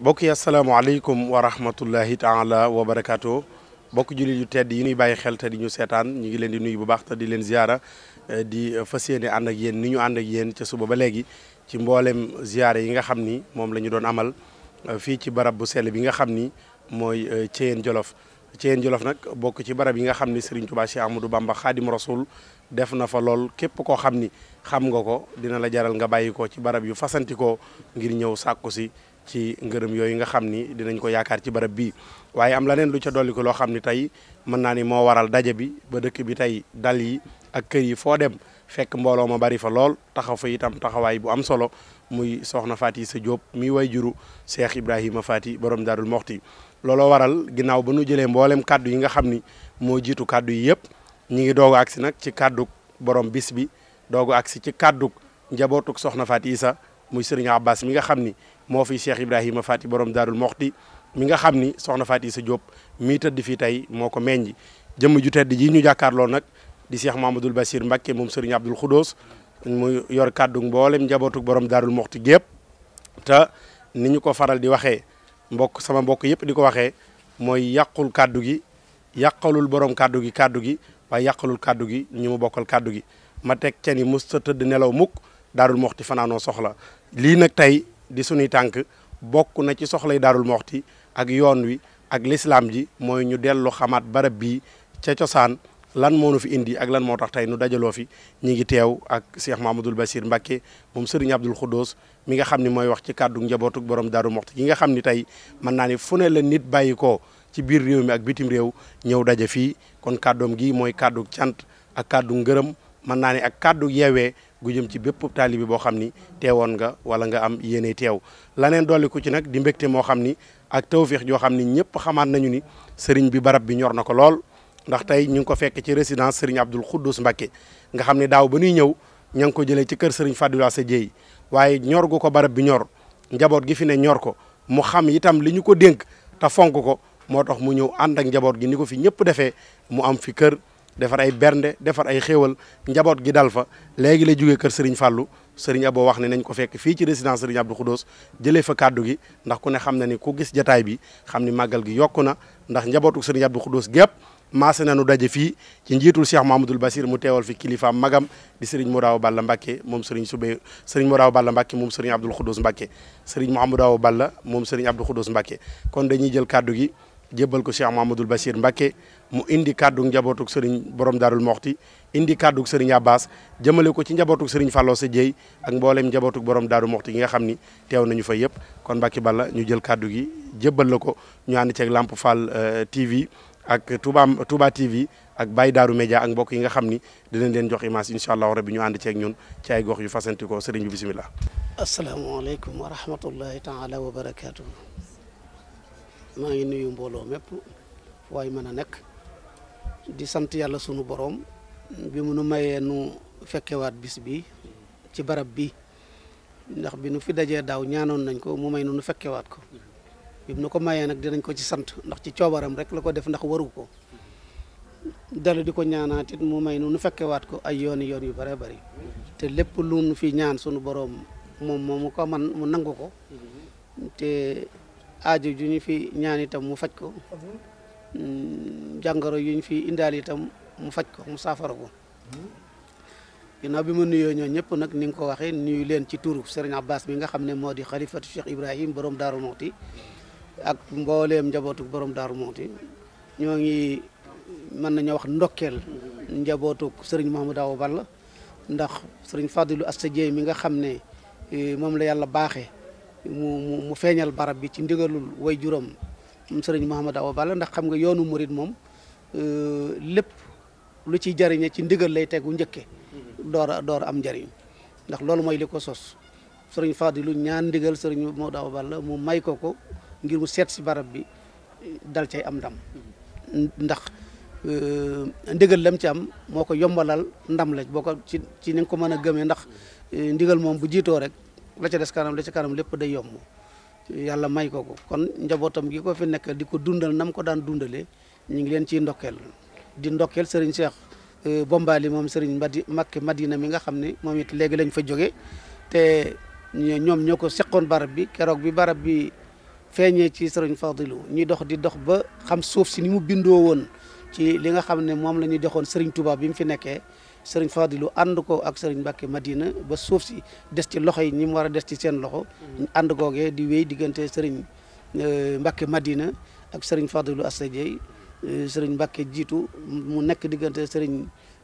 mbokk yi asalaamaaleykum wa rahmatullahi taala wa barakaatu mbokk jullit yu tedd yi nuy bàyyi xel te di ñu seetaan ñu ngi leen di nuyu bu baax te di leen ziara eh, di fas yéene ànd ak yéen ni ñu ànd ak yéen ca suba ba léegi ci mboolem ziara yi nga xam ni moom la ñu doon amal eh, fii ci barab bu sell bi nga xam ni mooy eh, Thiéyène jolof Thiéyène Djolof nag bokk ci barab yi nga xam ni Serigne Touba Cheikh Amadou Bamba Khadim Rasoul def na fa lool képp koo xam ni xam nga ko dina la jaral nga bàyyi ko ci barab yu fasantikoo ngir ñëw sàkku si ci ngërëm yooyu nga xam ni dinañ ko yaakaar ci barab bii waaye am leneen lu ca dolli ko loo xam ni tey mën naa ni moo waral daje bi ba dëkk bi tey dal yi ak kër yi foo dem fekk mbooloo ma bari fa lool taxaw fa itam taxawaay bu am solo muy soxna Faty Issa Diop mi way juru Cheikh Ibrahima Faty borom Daarul Moxti looloo waral ginnaaw ba nu jëlee mboolem kàddu yi nga xam ni moo jiitu kàddu yi yëpp ñi ngi doog agsi nag ci kàddug borom bis bi doog agsi ci kàddug njabootug soxna faat yi Issa muy sëriñ Abbas mi nga xam ni moo fi Cheikh Ibrahima Faty borom Daarul Moxti mi nga xam ni soxna Faty sa Diop mii tëdd fii tey moo ko meññ jëmm ju tedd ji ñu jàkkaarloo nag di Cheikh Mamadou Bassir Mbacke moom Serigne Abdoul Khoudous mu yor kàddu mboolem njabootu borom Daarul Moxti gépp ta ni ñu ko faral di waxee mbokk sama mbokk yëpp di ko waxee mooy yàqul kàddu gi yàqalul borom kàddu gi kàddu gi waaye yàqalul kàddu gi ñi mu bokkal kàddu gi ma teg ca ni mës ta tëdd nelaw mukk daarul moxti fanaanoo soxla di sunuy tànk bokk na ci soxlay daarul moxti ak yoon wi ak lislaam ji mooy ñu dellu xamaat barab bii ca cosaan lan moo nu fi indi ak lan moo tax tey nu dajaloo fi ñi ngi teew ak Cheikh Mahamadoul Bassir Mbacké moom Serigne Abdoul Khoudous mi nga xam ni mooy wax ci kàddu njabootu borom daarul moxti yi nga xam ni tey mën naa ni fu ne la nit bàyyi ko ci biir réew mi ak bitim réew ñëw daje fii kon kàddoom gi mooy kàddu cant ak kàddu ngërëm mën naa ne ak kàddu yeewee gu jëm ci bépp taalibi boo xam ni teewoon nga wala nga am yéene teew laneen dolli ku ci nag di mbégte moo xam ni ak tawféex joo xam ni ñëpp xamaat nañu ni sëriñ bi barab bi ñor na ko lool ndax tey ñu ko fekk ci résidence sëriñ Abdul Xuddus Mbakke nga xam ne ba nuy ñëw ña ngi ko jëlee ci kër sëriñ Fadula sa jéey waaye ñor gu ko barab bi ñor njaboot gi fi ne ñor ko mu xam itam li ñu ko dénk ta fonk ko moo tax mu ñëw ànd ak njaboot gi ni ko fi ñëpp defee mu am fi kër defar ay bernde defar ay xéewal njaboot gi dal fa léegi lay jugee kër Serigne Fallou Serigne Abo wax ne nañ ko fekk fii ci résidence Serigne Abdou Khoudoss jëlee fa kàddu gi ndax ku ne xam na ni ku gis jataay bi xam ni màggal gi yokku na ndax njabootu Serigne Abdou Khoudoss gépp na nu daje fii ci njiitul Cheikh Mahamadoul Basir mu teewal fi kilifaam magam di Serigne Modou Awa Balla Mbacké moom Serigne Soubey Serigne Modou Awa Balla Mbacké moom Serigne Abdou Khoudoss Mbacké Serigne Mouhamadou Awa Balla moom Serigne Abdou Khoudoss Mbacké kon dañuy jël kàddu gi jébbal ko Cheikh Mamadou Bachir Mbacké mu indi kàddug njabootug sëriñ borom Darou moxti indi kàddug sëriñ baas jëmale ko ci njabootug sëriñ Fallou Sa Dieye ak mboolem njabootug borom Darou Mokhti yi nga xam ni teew nañu fa yëpp kon Mbacké Balla ñu jël kàddu gi jébbal la ko ñu ànd ceeg Lamp Fall euh, TV ak Touba Touba TV ak Baye Darou Média ak mbokk yi nga xam ni dinañ leen jox image incha allahu rabbi ñu ànd ceeg ñun ci ay yu fasanti ko sëriñ bi bisimilah. asalaamaaleykum wa rahmatullahi taala maa ngi nuyu mbooloo mépp waay mën a nekk di sant yàlla sunu boroom bi mu nu mayee nu fekkewaat bis bi ci barab bi ndax bi nu fi dajee daaw ñaanoon nañ ko mu may nu nu fekkewaat ko bi mu nu ko mayee nag dinañ ko ci sant ndax ci coobaram rek la ko def ndax waru ko dalu di ko ñaanaatit mu may nu nu fekkewaat ko ay yooni yoon yu bare bari te lépp lu nu fi ñaan sunu boroom moom moom mu ko man mu nangu ko te aajo ju ñu fi ñaan itam mu faj ko mm, jàngoro yu ñu fi indaal itam mu faj ko mu saafara ko ginnaaw bi ma nuyoo ñoo ñëpp nag ni nga ko waxee nuyu leen ci tuuru Serigne Abbas bi nga xam ne moo di xalifatu Cheikh Ibrahim borom Daaru Muxti ak mbooleem njabootu borom Daaru Muxti ñoo ngi mën nañoo wax ndokkeel njabootu Serigne Mouhamadou Awa Balla ndax Serigne Fadilou Asta Dieye mi nga xam ne eh, moom la yàlla baaxee mu mu feeñal barab bi ci ndigalul way juróom sëriñ Mouhamed Awa Balla ndax xam nga yoonu murid moom euh, lépp lu ci jariñe ci ndigal lay tegu njëkke mhm. door a am njariñ ndax loolu mooy li ko sos sëriñ Fadilu ñaan ndigal sëriñ Mouhamed Awa Balla may ko ko ngir mu seet si barab bi dal cay am ndam mhm. ndax euh, lam ci am moo ko yombalal ndam la boo ko ci ci ni ko mën a gëmee ndax mhm. euh, ndigal moom bu jiitoo rek la ca des kanam la ca kanam lépp day yomb yàlla may ko ko kon njabootam gi ko fi nekk di ko dundal nam ko daan dundalee ñu ngi leen ciy ndokkeel di ndokkeel sëriñ Cheikh euh, Bombali moom sëriñ Madi Makki Madina mi nga xam ne moom it léegi lañ fa jóge te ñoom ñoo ko seqoon barab bi keroog bi barab bi feeñee ci sëriñ Fadilu ñuy dox di dox ba xam suuf si ni mu bindoo woon ci li nga xam ne moom la ñuy joxoon sëriñ tubaab bi mu fi nekkee sëriñ Fadilu ànd ko ak sëriñ Mbàkke Madina ba suuf si des ci loxo yi ñi mu war a des ci seen loxo mm. ànd di wéy diggante sëriñ euh, Mbàkke Madina ak sëriñ Fadilu Asta Dieye euh, sëriñ Mbàkke jiitu mu nekk diggante sëriñ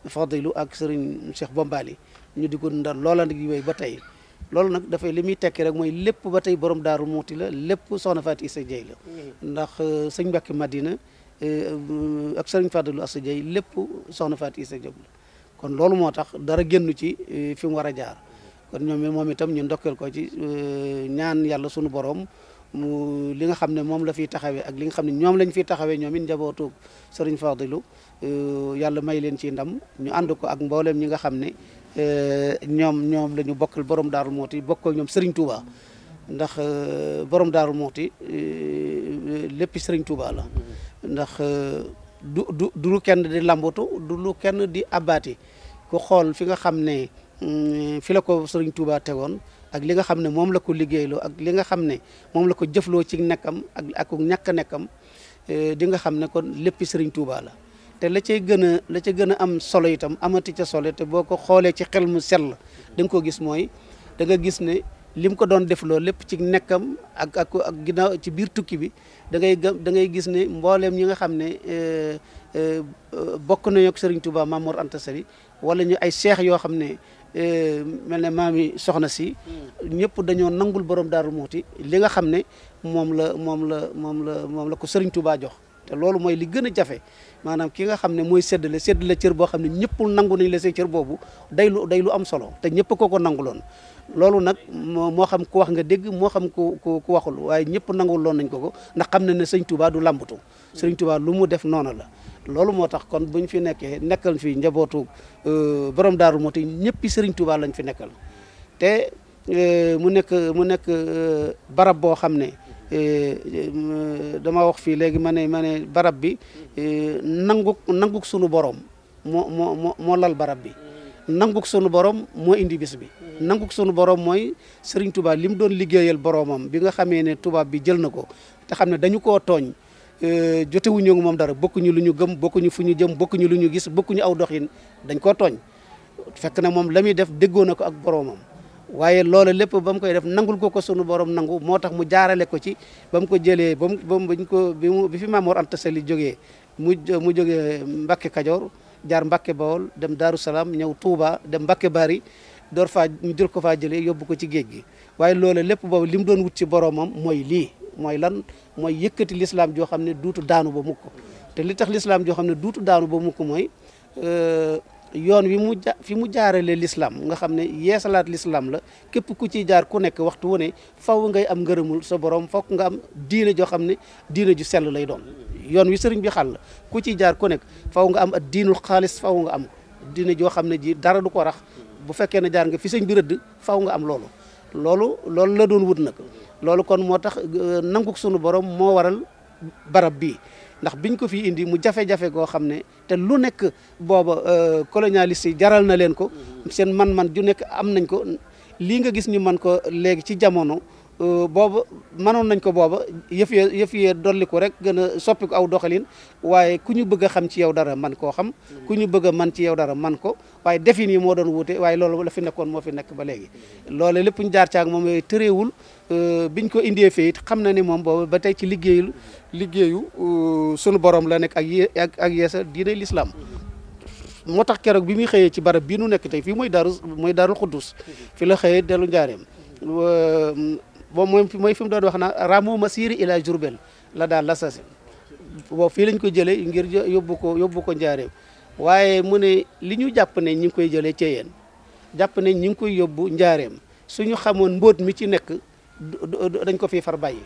Fadilu ak sëriñ Cheikh Bombali ñu di ko dundal loola nag di wéy ba tey loolu nag dafay li muy tekki rek mooy lépp ba tey borom daaru muuti la lépp soxna Faati Isa Jeey la mm. ndax euh, sëñ Mbàkke Madina ak sëriñ Fadilu Asta Jeey lépp soxna Faati Jeey la kon loolu moo tax dara génn ci e, fi mu war a jaar kon ñoom moom itam ñu ndokkeel ko ci e, ñaan yàlla sunu borom mu li nga xam ne moom la fiy taxawee ak li nga xam ne ñoom lañ fiy taxawee ñoom it njabootu Serigne Fadilou e, yàlla may leen ci ndam ñu ànd ko ak mboolem ñi nga xam ne ñoom ñoom la ñu bokkal borom Darou Mouhty bokk ak ñoom Serigne Touba ndax borom Darou Mouhty lépp Serigne Touba la ndax. du du du lu kenn di lambatu du lu kenn di abaati ku xool fi nga xam ne mm, fi la ko Sëriñ Tuuba tegoon ak li nga xam ne moom la ko liggéeyloo ak li nga xam ne moom la ko jëfloo ci nekkam ak ak ñàkk nekkam eh, di nga xam ne kon léppi Sëriñ Tuuba la te la cay gën a la ca gën a am solo itam amati ca solo te boo ko xoolee ci xel mu sel da nga ko gis mooy da gis ne li mu ko doon def loolu lépp ci nekkam ak ak ak ginnaaw ci biir tukki bi da ngay da ngay gis ne mbooleem ñi nga xam ne euh, euh, bokk nañu ak tubaa Touba Mamour Anta Sali wala ñu ay seex yoo xam ne euh, mel ne maami soxna si hmm. ñëpp dañoo nangul borom Daaru Muuti li nga xam ne moom la moom la moom la moom la ko Serigne Touba jox loolu mooy li gën a jafe maanaam ki nga xam ne mooy séddale séddale cër boo xam ne ñëpp nangu nañ la say cër boobu day lu day lu am solo te ñëpp ko ko nanguloon loolu nag moo xam ku wax nga dégg moo xam ku ku ku waxul waaye ñëpp nangul nañ ko ko ndax xam ne ne sëñ Touba du làmbatu sëñ Touba lu mu def noonu la loolu moo tax kon buñ fi nekkee nekkal fi njabootu euh, borom daaru moo tax ñëppi sëriñ Touba lañ fi nekkal te euh, mu nekk mu nekk euh, barab boo xam ne Eh, eh, dama wax fii léegi ma ne ma barab bi eh, nanguk nanguk sunu borom moo moo moo lal barab bi nanguk sunu borom moo indi bis bi nanguk sunu borom mooy Serigne Touba li mu doon liggéeyal boromam bi nga xamee ne tubaab bi jël na ko te xam ne dañu ko tooñ jotewuñu moom dara bokkuñu lu ñu gëm bokkuñu fu ñu jëm bokkuñu lu ñu gis bokkuñu aw doxin dañ koo tooñ fekk na moom la muy def déggoo na ko ak boroomam waaye loola lépp ba mu koy def nangul ko ko sunu borom nangu moo tax mu jaarale ko ci ba mu ko jëlee ba mu ba mu ko bi mu bi fi Maam Mor Anta Sali jógee mu mu jógee Mbacke Kajoor jaar Mbacke Bawol dem Daaru Salaam ñëw Touba dem Mbacke Bari door fa ñu jël ko faa jëlee yóbbu ko ci géej gi waaye loola lépp boobu li mu doon wut ci boromam mooy lii mooy lan mooy yëkkati lislaam joo xam ne duutu daanu ba mukk te li tax lislaam joo xam ne duutu daanu ba mukk mooy euh, yoon wi mu ja fi mu jaarale l'islam nga xam ne yeesalaat l'islam la képp ku ciy jaar ku nekk waxtu wu ne faw ngay am ngërëmul sa borom fokk nga am diine joo xam ne diine ju sell lay doon yoon wi sëriñ bi xàll ku ciy jaar ku nekk faw nga am ak diinul xaalis faw am diine joo xam ne ji dara du ko rax bu fekkee ne jaar nga fi sëñ bi rëdd faw nga am loolu loolu loolu la doon wut nag loolu kon moo tax euh, nangu sunu borom moo waral barab bii ndax biñ ko fi indi mu jafe-jafe goo xam ne te lu nekk booba euh, colonialiste yi jaral na leen ko mm-hmm. seen man-man ju nekk am nañ ko lii nga gis ni man ko léegi ci jamono Euh, booba mënoon nañ ko booba yëf yee yëf yee dolli ko rek gën a soppi ko aw doxalin waaye ku ñu bëgg a xam ci yow dara man koo xam ku ñu bëgg a man ci yow dara man ko waaye defin yi moo doon wuute waaye loolu la fi nekkoon moo fi nekk ba léegi loole lépp ñu jaar caag moom yooyu tëréewul euh, biñ ko indee fee it xam na ne moom boobu ba tey ci liggéeyul liggéeyu euh, sunu borom la nekk ak y ak ak yeesa diine lislaam moo tax keroog bi muy xëyee ci barab bii nu nekk tey fii mooy daaru mooy daarul xuddus fi la xëyee dellu njaareem boobu mooy mooy fi mu doon wax na ramu masiri ila Jurbel la daal la sasi boobu fii lañ ko jëlee ngir yóbbu ko yóbbu ko njaareem waaye mu ne li ñu jàpp ne ñi ngi koy jëlee ci yéen jàpp ne ñi ngi koy yóbbu njaareem suñu xamoon mbóot mi ci nekk dañ ko fi far bàyyi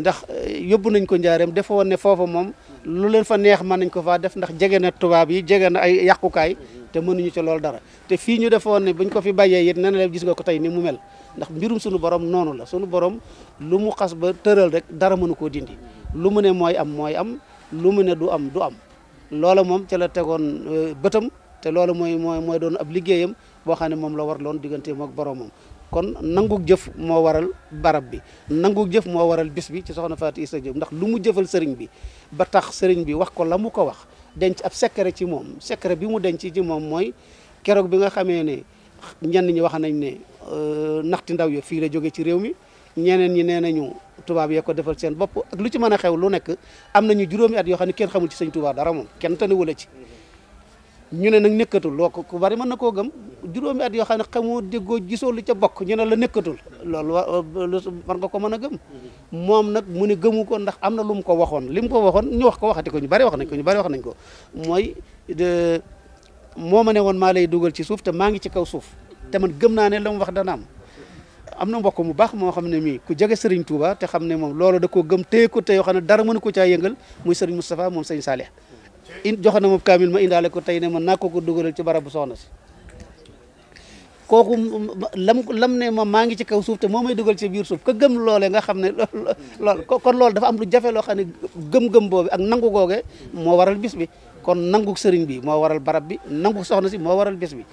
ndax eh, yóbbu nañ ko njaareem dafa woon ne foofu moom lu leen fa neex mën nañ ko faa def ndax jege na tubaab yi jege na ay yàqukaay te mënuñu ci loolu dara te fii ñu defoon ne buñ ko fi bàyyee it nee na leen gis nga ko tey ni mu mel ndax mbirum sunu borom noonu la sunu borom lu mu xas ba tëral rek dara mënu koo dindi lu mu ne mooy am mooy am lu mu ne du am du am loola moom ca la tegoon euh, bëtam te loolu mooy mooy mooy doon ab liggéeyam boo xam ne moom la war loon digganteem ak boromam. kon nangu jëf moo waral barab bi nangu jëf moo waral bis bi ci soxna Fatou Issa Diop ndax lu mu jëfal sëriñ bi ba tax sëriñ bi wax ko la mu ko wax denc ab secret ci moom secret bi mu denc ci moom mooy keroog bi nga xamee ne ñenn ñi wax nañ ne. Euh, naxti ndaw yoo fii joge ci réew mi ñeneen ñi nee ñu tubaab yee ko defal seen bopp ak lu ci mën a xew lu nekk am nañu juróomi yoo xam ne kenn xamul ci sëñ Tuubaa dara kenn tane wala ci ñu ne nag nekkatul ko ku bari mën na koo gëm juróomi at yoo xam ne xamoo déggoo gisoo lu ca bokk ñu ne la nekkatul loolu euh, war nga ko mën a gëm moom nag mu ne gëmu ko ndax am na lu mu ko waxoon li mu ko waxoon ñu wax ko waxati ko ñu bari wax nañ ko ñu bari wax nañ ko mooy moo ma ne woon maa lay dugal ci suuf te maa ngi ci kaw suuf te gëm naa ne la wax dana am am na mbokk mu baax moo xam ne mii ku jege Serigne Touba te xam ne moom loolu da koo gëm téye ko te yoo xam ne dara mënu ko caa yëngal muy Serigne Moustapha moom Serigne Salih in joxo na moom kaamil ma indaale ko tey ne man naa ko ko dugalal ci barab bu soxna si kooku lam lam ne ma maa ngi ci kaw suuf moo may dugal ci biir suuf ka gëm loole nga xam ne lool kon loolu dafa am lu jafe loo xam ne gëm-gëm boobu ak nangu googe moo waral bis bi kon nangu sëriñ bi moo waral barab bi nangu soxna si moo waral bis bi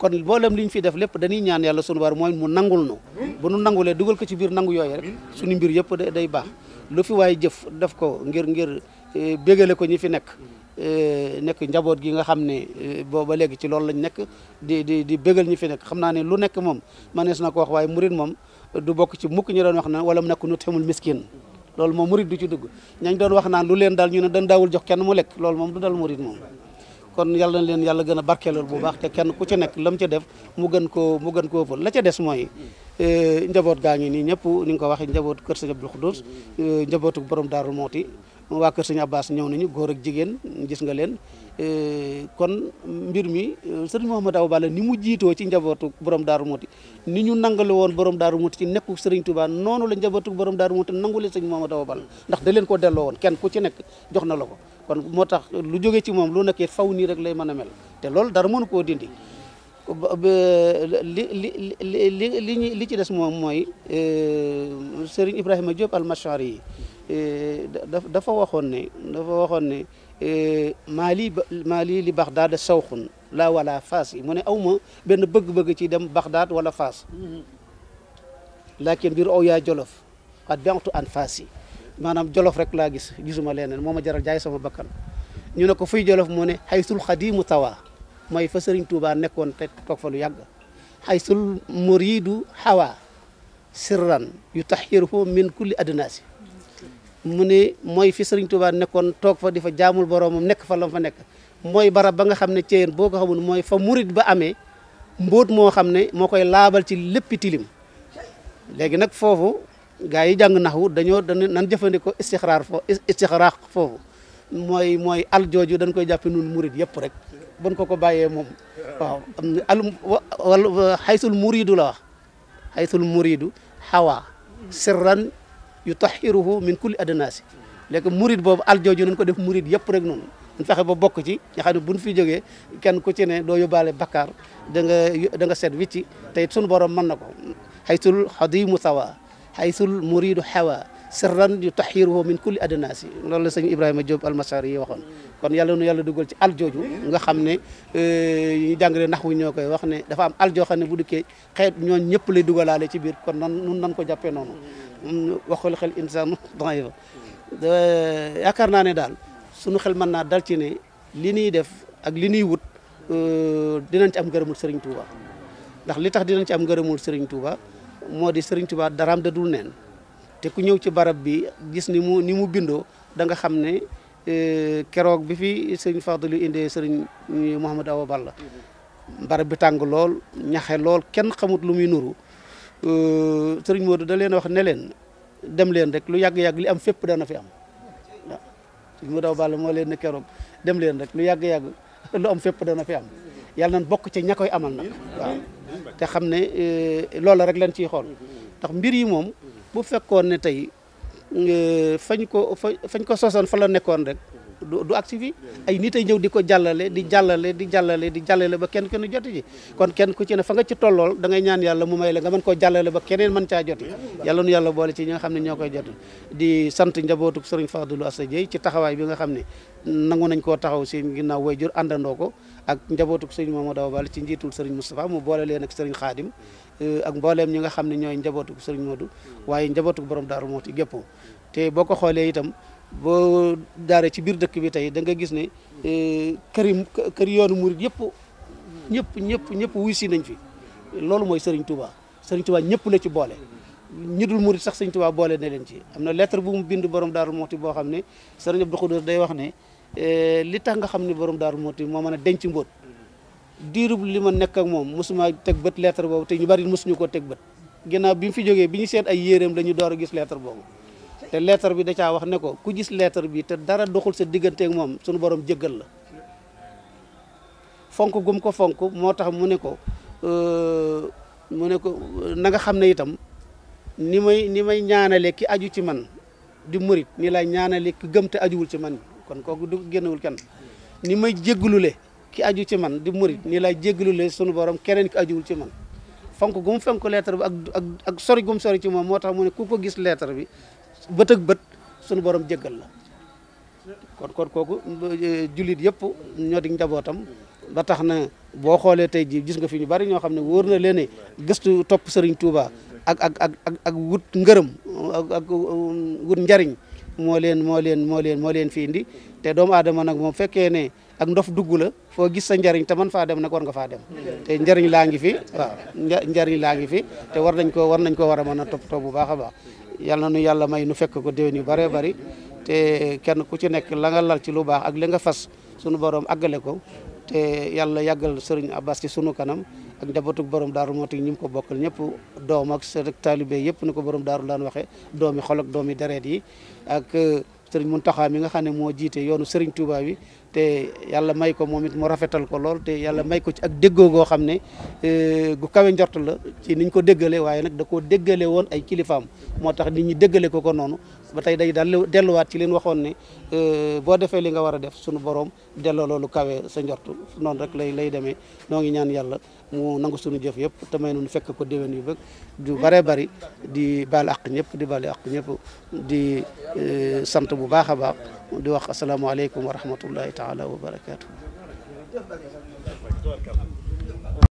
kon mboolem li ñu fi def lépp dañuy ñaan yàlla sunu war mooy mu nangul nu bu nu nangulee dugal ko ci biir nangu yooyu rek suñu mbir yëpp day baax lu fi waaye jëf def ko ngir ngir e, bégale ko ñi fi nekk e, nekk njaboot gi nga xam ne e, booba léegi ci loolu lañ nekk di di di bégal ñi fi nekk xam naa ne lu nekk moom manees na ko wax waaye murit moom du bokk ci mukk ñu doon wax na wala mu nekk nu temul miskin loolu moom murit du ci dugg ñañ doon wax naan lu leen daal ñu ne dañ daawul jox kenn mu lekk loolu moom du dal murit moom kon yàlla na leen yàlla gën a barkeelal bu baax te kenn ku ci nekk lam ca def mu gën ko mu gën koo ëppal la ca des mooy e, njaboot gaa ngi nii ñëpp ni nga ko waxee njaboot kër Sëñ Abdou Khoudoss e, njabootu borom Daaru Mooti waa kër sëñ Abbas ñëw nañu góor ak jigéen gis nga leen e, kon mbir mi sëriñ Mouhamed Awa Balla ni mu jiitoo ci njabootu borom Daaru Muti ni ñu nangale woon borom Daaru Muti ci nekku sëriñ Touba noonu la njabootu borom Daaru Muti nangule sëñ Mouhamed Awa Balla ndax da leen ko delloo woon kenn ku ci nekk jox na la ko kon moo tax lu jóge ci moom lu nekk faw nii rek lay mën a mel te loolu dara mënu koo dindi li li li li ñu li ci des moom mooy e, Serigne Ibrahima Diop almachar yi e, dafa waxoon ne dafa waxoon ne e, maali maali li Baxdaad sawxun laa wala Faas yi mu ne aw ma benn bëgg-bëgg ci dem Baxdaad wala Faas laakin biir aw yaa jolof xat bentu an Faas yi maanaam jolof rek laa gis gisuma leneen moo ma jaral jaay sama bakkan ñu ne ko fuy jolof mu ne xaytul xadimu tawa mooy fa sëriñ Touba nekkoon te toog fa lu yàgg xaysul muridu xawa sirran yu tax taxiruhu min kulli adnaasi mu ne mooy fi sëriñ Touba nekkoon toog fa di fa jaamul boroomam nekk fa lam fa nekk mooy barab ba nga xam ne ceyeen boo ko xamul mooy fa murid ba amee mbóot moo xam ne moo koy laabal ci lépp tilim léegi nag foofu gaa yi jàng naxwu dañoo dañu nan jëfandikoo istixraar foofu foofu mooy mooy al jooju dañ koy jàppe nun murid yëpp rek bon ko ko bàyyee moom waaw al wala xaysul muridu la wax xaysul muridu xawa sirran yu taxiruhu min kulli adanaasi léegi murid boobu al jooju nañ ko def murid yëpp rek noonu ñu fexe ba bokk ci nga xam ne buñ fi jógee kenn ku ci doo yóbbaale bakkaar da nga da nga seet wicci te it sunu borom mën na ko xaysul xadimu sawa xaysul muridu xawa sirran yu taxiruhu min kulli adnaasi loolu la sëñ Ibrahima Diop almasari yi waxoon kon yàlla nu yàlla dugal ci al jooju nga xam ne euh, ñu jàngale nax wu ñoo koy wax ne dafa am al joo xam ne bu dikkee xeet ñoo ñëpp lay dugalaale ci biir kon nan nun nan ko jàppee noonu waxul xel insaanu daifa euh, yaakaar naa ne daal sunu xel mën naa dal ci ne li ñuy def ak li ñuy wut euh, dinañ ci am ngërëmul Serigne tuuba ndax li tax dinañ ci am ngërëmul Serigne Touba moo di Serigne Touba daraam da dul neen te ku ñëw ci barab bi gis ni mu ni mu bindoo da nga xam ne euh, keroog bi fi sëriñ Fadlu indee sëriñ euh, Mouhamed Awa Balla barab bi tàng lool ñaxe lool kenn xamut lu muy nuru euh, sëriñ Modou da leen wax ne leen dem leen rek lu yàgg-yàgg li am fépp dana fi am waaw sëriñ Modou moo leen ne keroog dem leen rek lu yàgg-yàgg lu am fépp dana fi am yàlla nan bokk ci ña koy amal nag te xam ne loola rek lan ciy xool ndax mbir yi moom bu fekkoon ne tey euh, fañ ko fañ ko sosoon fa la nekkoon rek du agsi fii ay nit ay ñëw di ko jàllale di jàllale di jàllale di jàllale ba kenn kenn joti ji kon kenn ku ci ne fa nga ci tollool dangay ñaan yàlla mu may la nga mën koo jàllale ba keneen mën caa joti yàlla nu yàlla boole ci ñi nga xam ne ñoo koy joti di sant njabootuk sëriñ Fadilou Assa Dieye ci taxawaay bi nga xam ne nangu nañ koo taxaw si ginnaaw way jur àndandoo ko ak njabootuk sëriñ Mamadou Awa Balla ci njiitul sëriñ Moustapha mu boole leen ak sëriñ euh, ak mbooleem ñi nga xam ne ñooy njabootuk sëriñ Modou waaye njabootuk borom Daaru Muxti gépp te boo ko xoolee itam boo daaree ci biir dëkk bi tey da nga gis ne eh, kër yi kër yoonu murit yëpp ñëpp ñëpp ñëpp wuy si nañ fi loolu mooy Serigne Touba Serigne Touba ñëpp la ci boole ñu dul murit sax Serigne Touba boole ne leen ci am na lettre bu mu bind borom Daaru Muxti boo xam ne Serigne Abdou Khoudoss day wax ne eh, li tax nga xam ne borom Daaru Muxti moo mën a denc mbóot diirub li ma nekk ak moom mosuma teg bët lettre boobu te ñu bari mosuñu koo teg bët ginnaaw bi mu fi jógee bi ñu seet ay yéeréem la door a boobu te lettre bi da caa wax ne ko ku gis lettre bi te dara doxul sa digganteeg moom sunu borom jëggal la fonk gum ko fonk moo tax mu ne ko euh, mu ne ko na xam ne itam ni may ni may ñaanale ki aju ci man di murit ni lay ñaanale ki gëm ajuwul ci man kon kooku du génnewul kenn ni may jéggalule ki aju ci man di murit ni lay jéggalule sunu borom keneen ki ajuwul ci man fonk gu mu fonk bi ak ak ak sori gu mu sori ci moom moo tax mu ne ku ko gis lettre bi bët ak bët sunu boroom jéggal la kon kon kooku eh, julit yëpp ñoo di njabootam ba tax na boo xoolee tey jii gis nga fi ñu bari ñoo xam ne wóor na leen ne gëstu topp sëriñ Touba ak ak ak ak wut ngërëm ak um, wut njariñ moo leen moo leen moo leen moo leen fi indi te doomu aadama nag moom fekkee ne ak ndof dugg la foo gis sa njariñ te man faa dem nag war nga faa dem te njariñ laa ngi fi waaw njariñ laa ngi fi te war nañ ko war nañ ko war a mën a toppatoo bu baax a yal na nu yàlla may nu fekk ko déwén yu bëree bëri te kenn ku ci nekk la lal ci lu baax ak li nga fas sunu borom àggale ko te yàlla yàggal Serigne Abbas ci sunu kanam ak njabootug borom daaru moo tax ñi mu ko bokkal ñëpp doom ak sër ak taalibe yëpp ni ko borom daaru daan waxee doomi xol ak doomi deret yi ak Serigne Mountakha mi nga xam ne moo jiite yoonu Serigne Touba yi te yàlla may ko moom it mu rafetal ko lool te yàlla may ko ci ak déggoo goo xam ne euh, gu kawe njort la ci niñ ko déggalee waaye nag da koo déggale woon ay kilifaam moo tax nit ñi déggale ko ko noonu ba tey day daal delluwaat ci leen waxoon ne euh, boo defee li nga war a def sunu borom delloo lu kawe sa njortu noonu rek lay lay demee noo ngi ñaan yàlla mu nangu sunu jëf yëpp te may nu fekk ko déwén yu bëgg du bare bari di baal àq ñëpp di baal àq ñëpp di euh, sant bu baax a baax di wax asalaamaaleykum wa rahmatullahi taala wa barakaatu.